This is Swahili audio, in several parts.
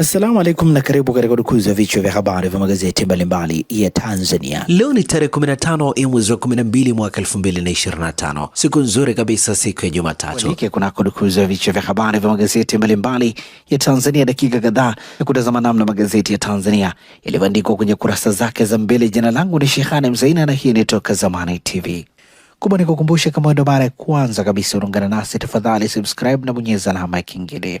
Assalamu alaikum na karibu katika dukuzi ya vichwa vya habari vya magazeti mbalimbali ya Tanzania. Leo ni tarehe 15 ya mwezi wa 12 mwaka 2025, siku nzuri kabisa, siku ya Jumatatu. Kunako dukuzi ya vichwa vya habari vya magazeti mbalimbali ya Tanzania, dakika kadhaa ya kutazama namna magazeti ya Tanzania yalivyoandikwa kwenye kurasa zake za mbele. Jina langu ni Shehani Mzaina na hii ni Toka Zamani TV. Kubwa ni kukumbusha, kama ndo mara ya kwanza kabisa unaungana nasi, tafadhali subscribe na bonyeza alama ya kengele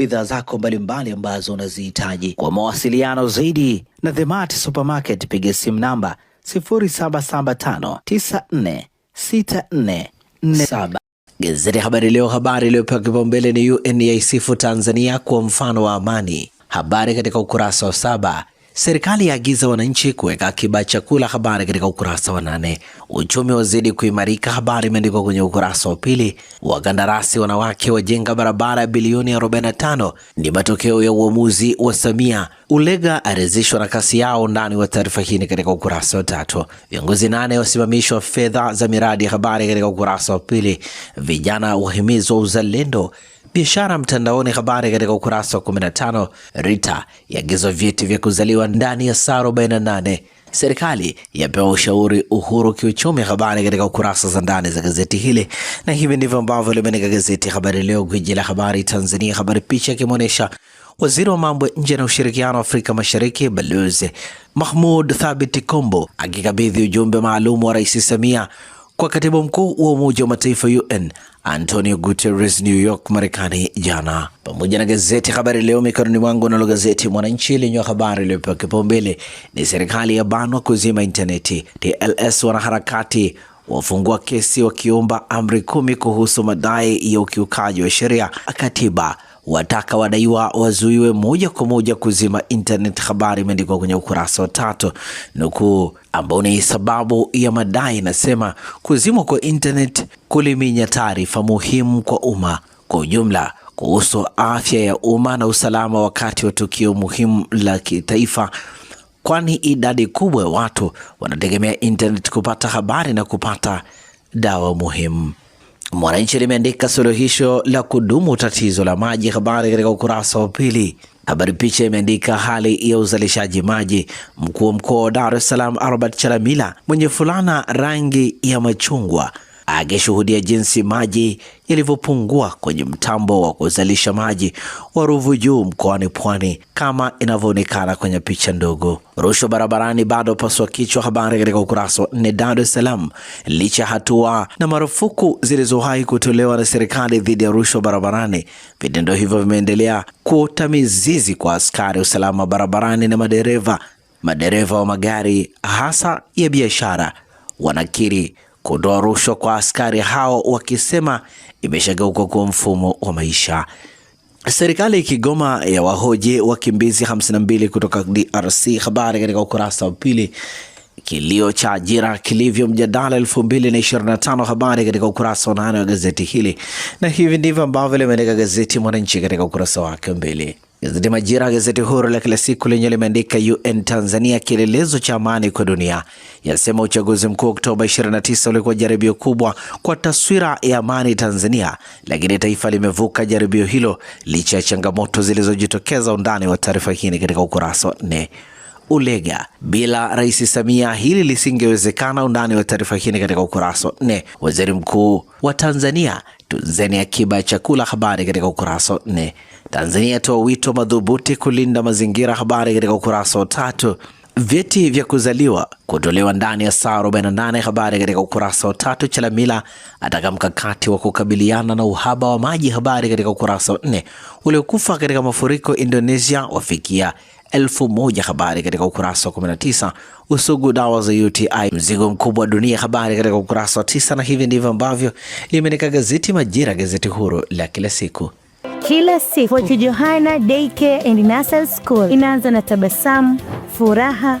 bidhaa zako mbalimbali ambazo unazihitaji. Kwa mawasiliano zaidi na The Mart Supermarket, piga simu namba 0775946447. Gazeti ya Habari Leo, habari iliyopewa kipaumbele ni UN yaisifu Tanzania kwa mfano wa amani, habari katika ukurasa wa saba. Serikali yaagiza wananchi kuweka akiba chakula, habari katika ukurasa wa nane. Uchumi wazidi kuimarika, habari imeandikwa kwenye ukurasa wa pili. Wakandarasi wanawake wajenga barabara ya bilioni 45 ni matokeo ya uamuzi wa Samia. Ulega arezishwa na kasi yao ndani wa taarifa hii katika ukurasa wa tatu. Viongozi nane wasimamishwa fedha za miradi, habari katika ukurasa wa pili. Vijana wahimizwa uzalendo biashara mtandaoni. Habari katika ukurasa wa 15. Rita yaagizwa vyeti vya kuzaliwa ndani ya saa 48. Serikali yapewa ushauri Uhuru kiuchumi. Habari katika ukurasa za ndani za gazeti hili, na hivi ndivyo ambavyo limeandika gazeti Habari Leo, gwiji la habari Tanzania. Habari picha ikimwonyesha waziri wa mambo ya nje na ushirikiano wa Afrika Mashariki Balozi Mahmud Thabit Kombo akikabidhi ujumbe maalum wa Rais Samia kwa katibu mkuu wa Umoja wa Mataifa UN Antonio Guterres New York, Marekani jana, pamoja na gazeti Habari Leo mikononi mwangu. Nalo gazeti Mwananchi lenye habari iliyopewa kipaumbele ni serikali ya banwa kuzima intaneti, TLS wanaharakati wafungua kesi wakiomba amri kumi kuhusu madai ya ukiukaji wa sheria katiba wataka wadaiwa wazuiwe moja kwa moja kuzima internet. Habari imeandikwa kwenye ukurasa wa tatu, nukuu ambao ni sababu ya madai inasema kuzimwa kwa internet kuliminya taarifa muhimu kwa umma kwa ujumla kuhusu afya ya umma na usalama wakati wa tukio muhimu la kitaifa, kwani idadi kubwa ya watu wanategemea internet kupata habari na kupata dawa muhimu. Mwananchi limeandika suluhisho la kudumu tatizo la maji, habari katika ukurasa wa pili. Habari picha imeandika hali ya uzalishaji maji. Mkuu wa mkoa wa Dar es Salaam Albert Chalamila mwenye fulana rangi ya machungwa akishuhudia jinsi maji yalivyopungua kwenye mtambo wa kuzalisha maji wa Ruvu Juu mkoani Pwani kama inavyoonekana kwenye picha ndogo. Rushwa barabarani bado paswa kichwa habari katika ukurasa wa nne. Dar es Salaam, licha ya hatua na marufuku zilizowahi kutolewa na serikali dhidi ya rushwa barabarani, vitendo hivyo vimeendelea kuota mizizi kwa askari usalama barabarani na madereva. Madereva wa magari hasa ya biashara wanakiri kuondoa rushwa kwa askari hao, wakisema imeshageuka kuwa mfumo wa maisha. Serikali kigoma ya wahoji wakimbizi 52 kutoka DRC. Habari katika ukurasa wa pili. Kilio cha ajira kilivyo mjadala 2025, habari katika ukurasa wa nane wa gazeti hili, na hivi ndivyo ambavyo limeandika gazeti Mwananchi katika ukurasa wake mbili. Gazeti Majira, gazeti huru la kila siku, lenye limeandika UN Tanzania kielelezo cha amani kwa dunia, yasema uchaguzi mkuu Oktoba 29 ulikuwa jaribio kubwa kwa taswira ya amani Tanzania, lakini taifa limevuka jaribio hilo licha ya changamoto zilizojitokeza. Undani wa taarifa hii katika ukurasa wa nne. Ulega. Bila Rais Samia hili lisingewezekana. Undani wa taarifa hii katika ukurasa wa nne. Waziri Mkuu wa Tanzania, tunzeni akiba ya chakula, habari katika ukurasa wa nne. Tanzania toa wito madhubuti kulinda mazingira, habari katika ukurasa wa tatu. Vyeti vya kuzaliwa kutolewa ndani ya saa 48, habari katika ukurasa wa tatu. Chalamila ataka mkakati wa kukabiliana na uhaba wa maji, habari katika ukurasa wa nne. Waliokufa katika mafuriko Indonesia wafikia elfu moja. Habari katika ukurasa wa 19. Usugu dawa za UTI mzigo mkubwa wa dunia, habari katika ukurasa wa tisa. Na hivi ndivyo ambavyo limeandika gazeti Majira, gazeti huru la kila siku kila siku. Fort Johanna Daycare and Nursery School inaanza na tabasamu, furaha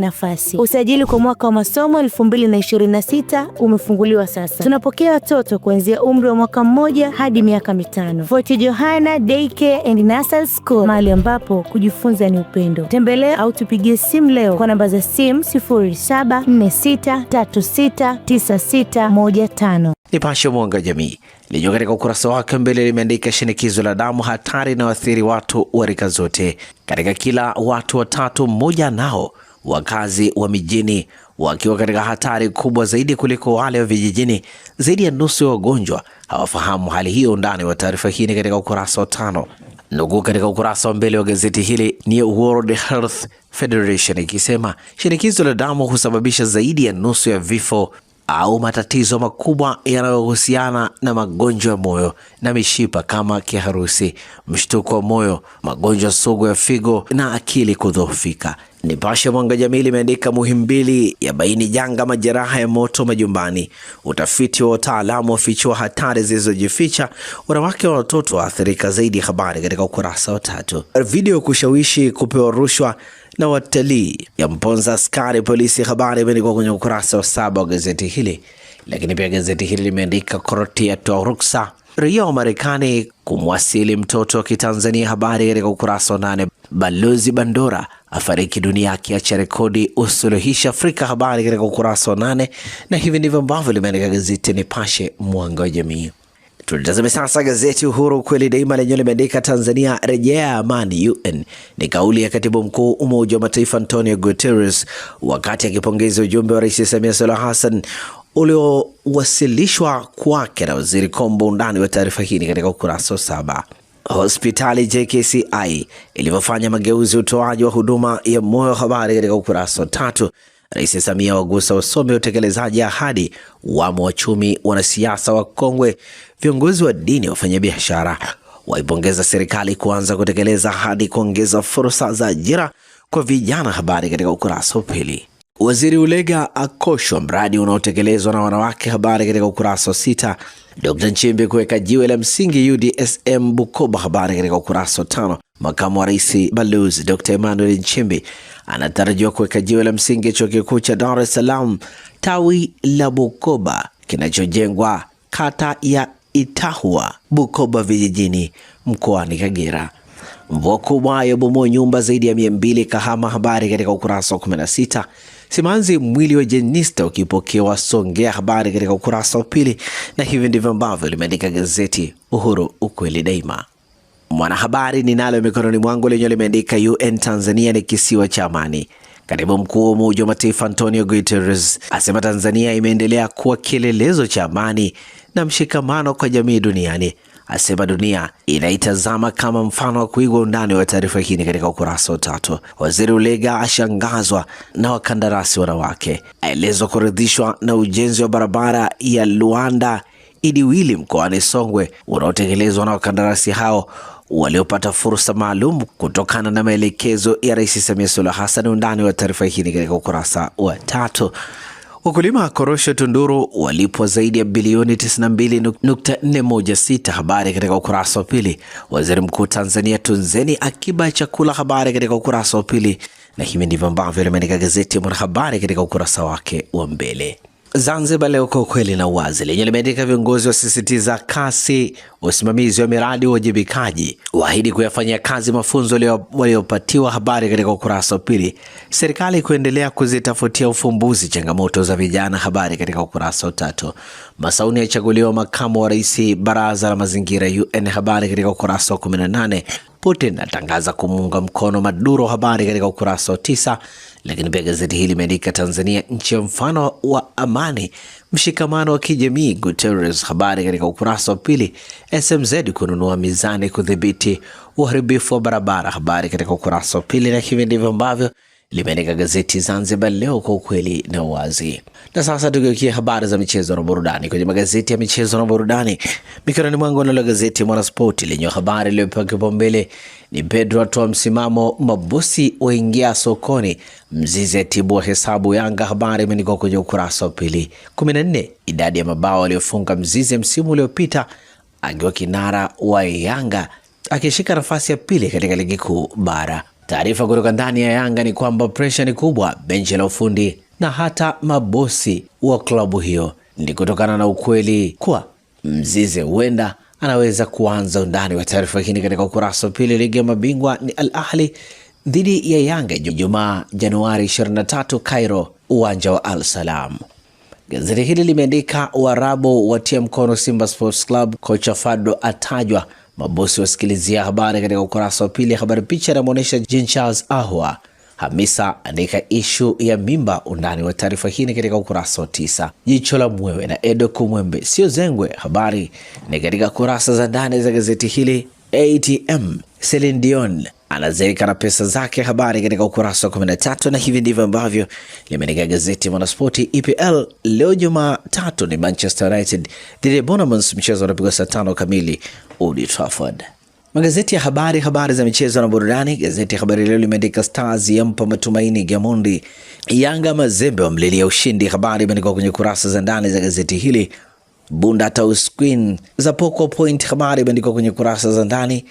nafasi. Usajili kwa mwaka wa masomo 2026 umefunguliwa sasa. Tunapokea watoto kuanzia umri wa mwaka mmoja hadi miaka mitano. Fort Johanna Daycare and Nursery School, mahali ambapo kujifunza ni upendo. Tembelea au tupigie simu leo kwa namba za simu 0746369615. Nipashe Mwanga Jamii lenyewe katika ukurasa wake mbele limeandika shinikizo la damu hatari inayoathiri watu wa rika zote, katika kila watu watatu mmoja nao wakazi wa mijini wakiwa katika hatari kubwa zaidi kuliko wale wa vijijini. Zaidi ya nusu ya wagonjwa hawafahamu hali hiyo. Undani wa taarifa hii ni katika ukurasa wa tano. Nukuu katika ukurasa wa mbele wa gazeti hili ni World Health Federation ikisema shinikizo la damu husababisha zaidi ya nusu ya vifo au matatizo makubwa yanayohusiana na magonjwa ya moyo na mishipa kama kiharusi, mshtuko wa moyo, magonjwa sugu ya figo na akili kudhoofika. Nipashe Mwanga Jamii limeandika Muhimbili ya baini janga majeraha ya moto majumbani. Utafiti wa wataalamu wafichua hatari zilizojificha, wanawake wa watoto waathirika zaidi. Habari katika ukurasa wa tatu. Video kushawishi kupewa rushwa na watalii yamponza askari polisi. Habari imeandikwa kwenye ukurasa wa saba wa gazeti hili, lakini pia gazeti hili limeandika korti yatoa ruksa raia wa Marekani kumwasili mtoto wa Kitanzania. Habari katika ukurasa wa nane. Balozi Bandora afariki dunia akiacha rekodi usuluhishi Afrika. Habari katika ukurasa wa nane, na hivi ndivyo ambavyo limeandika gazeti Nipashe, Mwanga wa Jamii. Tulitazame sasa gazeti Uhuru, kweli daima, lenyewe limeandika Tanzania rejea amani UN. Ni kauli ya katibu mkuu Umoja wa Mataifa Antonio Guterres wakati akipongeza ujumbe wa Rais Samia Suluhu Hassan uliowasilishwa kwake na waziri Kombo. Undani wa taarifa hii ni katika ukurasa saba. Hospitali JKCI ilivyofanya mageuzi utoaji wa huduma ya moyo, habari katika ukurasa tatu. Rais Samia wagusa wasomi utekelezaji ahadi, wamo wachumi, wanasiasa wakongwe, viongozi wa dini, wafanyabiashara waipongeza serikali kuanza kutekeleza ahadi kuongeza fursa za ajira kwa vijana. Habari katika ukurasa wa pili. Waziri Ulega akoshwa mradi unaotekelezwa na wanawake. Habari katika ukurasa wa sita. Dr Nchimbi kuweka jiwe la msingi UDSM Bukoba. Habari katika ukurasa wa tano. Makamu wa Rais Balozi Dr. Emmanuel Nchimbi anatarajiwa kuweka jiwe la msingi Chuo Kikuu cha Dar es Salaam tawi la Bukoba kinachojengwa kata ya Itahwa, Bukoba vijijini, mkoani Kagera. Mvua kubwa yabomoa nyumba zaidi ya mia mbili Kahama. Habari katika ukurasa wa 16. Simanzi mwili wa Jenista ukipokewa Songea. Habari katika ukurasa wa pili, na hivi ndivyo ambavyo limeandika gazeti Uhuru, ukweli daima. Mwanahabari ninalo mikononi mwangu lenye limeandika UN Tanzania ni kisiwa cha amani. Katibu mkuu wa Umoja wa Mataifa Antonio Guterres asema Tanzania imeendelea kuwa kielelezo cha amani na mshikamano kwa jamii duniani. Asema dunia inaitazama kama mfano wa kuigwa. Undani wa taarifa hii ni katika ukurasa wa tatu. Waziri Ulega ashangazwa na wakandarasi wanawake, aelezwa kuridhishwa na ujenzi wa barabara ya Luanda Idiwili mkoani Songwe unaotekelezwa na wakandarasi hao waliopata fursa maalum kutokana na maelekezo ya Rais Samia Suluhu Hassan. Undani wa taarifa hii ni katika ukurasa wa tatu. Wakulima korosho Tunduru walipwa zaidi ya bilioni 92.416. Habari katika ukurasa wa pili. Waziri Mkuu Tanzania, tunzeni akiba ya chakula. Habari katika ukurasa wa pili, na hivi ndivyo ambavyo limeandika gazeti ya Mwanahabari katika ukurasa wake wa mbele. Zanzibar Leo kwa ukweli na uwazi lenye limeandika viongozi wasisitiza kasi usimamizi wa miradi uwajibikaji, waahidi kuyafanyia kazi mafunzo waliopatiwa. Habari katika ukurasa wa pili. Serikali kuendelea kuzitafutia ufumbuzi changamoto za vijana. Habari katika ukurasa wa tatu. Masauni yachaguliwa makamu wa rais baraza la mazingira UN. Habari katika ukurasa wa 18. Putin atangaza kumuunga mkono Maduro. Habari katika ukurasa wa tisa. Lakini pia gazeti hili limeandika Tanzania nchi ya mfano wa amani, mshikamano wa kijamii, Guterres. Habari katika ukurasa wa pili. SMZ kununua mizani kudhibiti uharibifu wa barabara, habari katika ukurasa wa pili, na hivi ndivyo ambavyo limeandika gazeti Zanzibar Leo kwa ukweli na uwazi. Na sasa tukiokie habari za michezo na burudani kwenye magazeti ya michezo na burudani. Mikononi mwangu nalo gazeti Mwanaspoti lenye habari iliyopewa kipaumbele ni Pedro atoa msimamo, mabosi waingia sokoni, Mzizi atibua hesabu Yanga. Habari imeandikwa kwenye ukurasa wa pili. 14 idadi ya mabao aliyofunga Mzizi msimu uliopita akiwa kinara wa Yanga akishika nafasi ya pili katika ligi kuu bara. Taarifa kutoka ndani ya Yanga ni kwamba presha ni kubwa benchi la ufundi na hata mabosi wa klabu hiyo. Ni kutokana na ukweli kuwa Mzize huenda anaweza kuanza. Undani wa taarifa hii katika ukurasa wa pili. Ligi ya mabingwa ni Al Ahli dhidi ya Yanga Jumaa Januari 23 Cairo, uwanja wa Al Salam. Gazeti hili limeandika Waarabu watia mkono Simba Sports Club, kocha Fado atajwa Mabosi wasikilizia habari katika ukurasa wa pili. Habari picha inamwonyesha Jean Charles Ahwa. Hamisa andika ishu ya mimba. Undani wa taarifa hii ni katika ukurasa wa tisa. Jicho la mwewe na Edo Kumwembe sio zengwe, habari ni katika kurasa za ndani za gazeti hili. ATM Celine Dion anazereka na pesa zake. Habari katika ukurasa wa 13, na hivi ndivyo ambavyo limeandika gazeti Mwanaspoti. EPL leo Jumatatu ni Manchester United dhidi ya Bournemouth, mchezo unapigwa saa tano kamili Old Trafford. Magazeti ya habari, habari za michezo na burudani. Gazeti ya Habari Leo limeandika Stars yampa matumaini Gamondi, Yanga Mazembe wamlilia ushindi. Habari imeandikwa kwenye kurasa za ndani za gazeti hili. Bunda Taus Queen za pokwa point, habari imeandikwa kwenye kurasa za ndani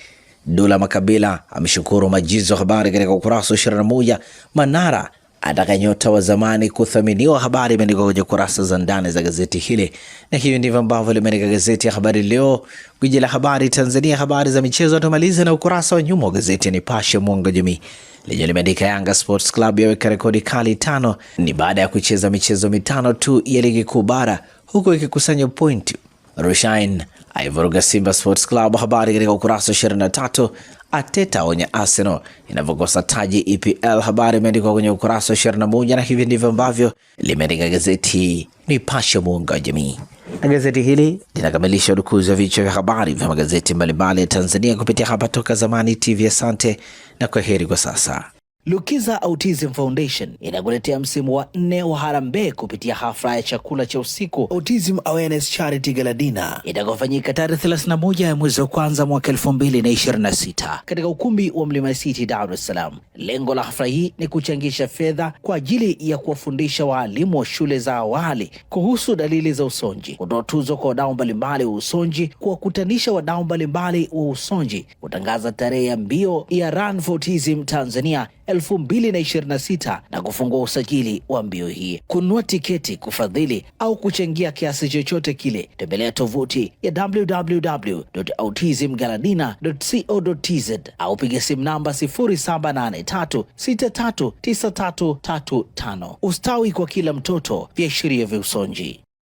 Dula Makabila ameshukuru Majizo Habari katika ukurasa wa moja. Manara ataka nyota wa zamani kuthaminiwa. Habari imeandikwa kwenye kurasa za ndani za gazeti hili, na hiyo ndivyo ambavyo limeandika gazeti ya Habari Leo, gwiji la habari Tanzania. Habari za michezo, tumalize na ukurasa wa nyuma wa gazeti ya Nipashe Mwanga Jamii lenye limeandika Yanga Sports Club yaweka rekodi kali tano, ni baada ya kucheza michezo mitano tu ya ligi kuu bara, huku ikikusanya pointi. Rushain Aivuruga Simba Sports Club. Habari katika ukurasa 23. Ateta onye Arsenal inavyokosa taji EPL. Habari imeandikwa kwenye ukurasa 21, na hivi ndivyo ambavyo limeandika gazeti Nipashe, mwanga wa jamii, na gazeti hili linakamilisha udukuzi wa vichwa vya habari vya magazeti mbalimbali ya Tanzania kupitia hapa Toka Zamani TV. Asante na kwaheri kwa sasa. Lukiza Autism Foundation inakuletea msimu wa nne wa harambee kupitia hafla ya chakula cha usiku Autism Awareness Charity galadina itakayofanyika tarehe 31 ya mwezi wa kwanza mwaka 2026 katika ukumbi wa Mlima City, Dar es Salaam. Lengo la hafla hii ni kuchangisha fedha kwa ajili ya kuwafundisha waalimu wa shule za awali kuhusu dalili za usonji, kutoa tuzo kwa wadau mbalimbali wa usonji, kuwakutanisha wadau mbalimbali wa usonji, kutangaza tarehe ya mbio ya Run for Autism Tanzania 2026 na kufungua usajili wa mbio hii. Kununua tiketi, kufadhili au kuchangia kiasi chochote kile, tembelea tovuti ya www.autismgaladina.co.tz au piga simu namba 0783639335. Ustawi kwa kila mtoto, viashiria vya usonji.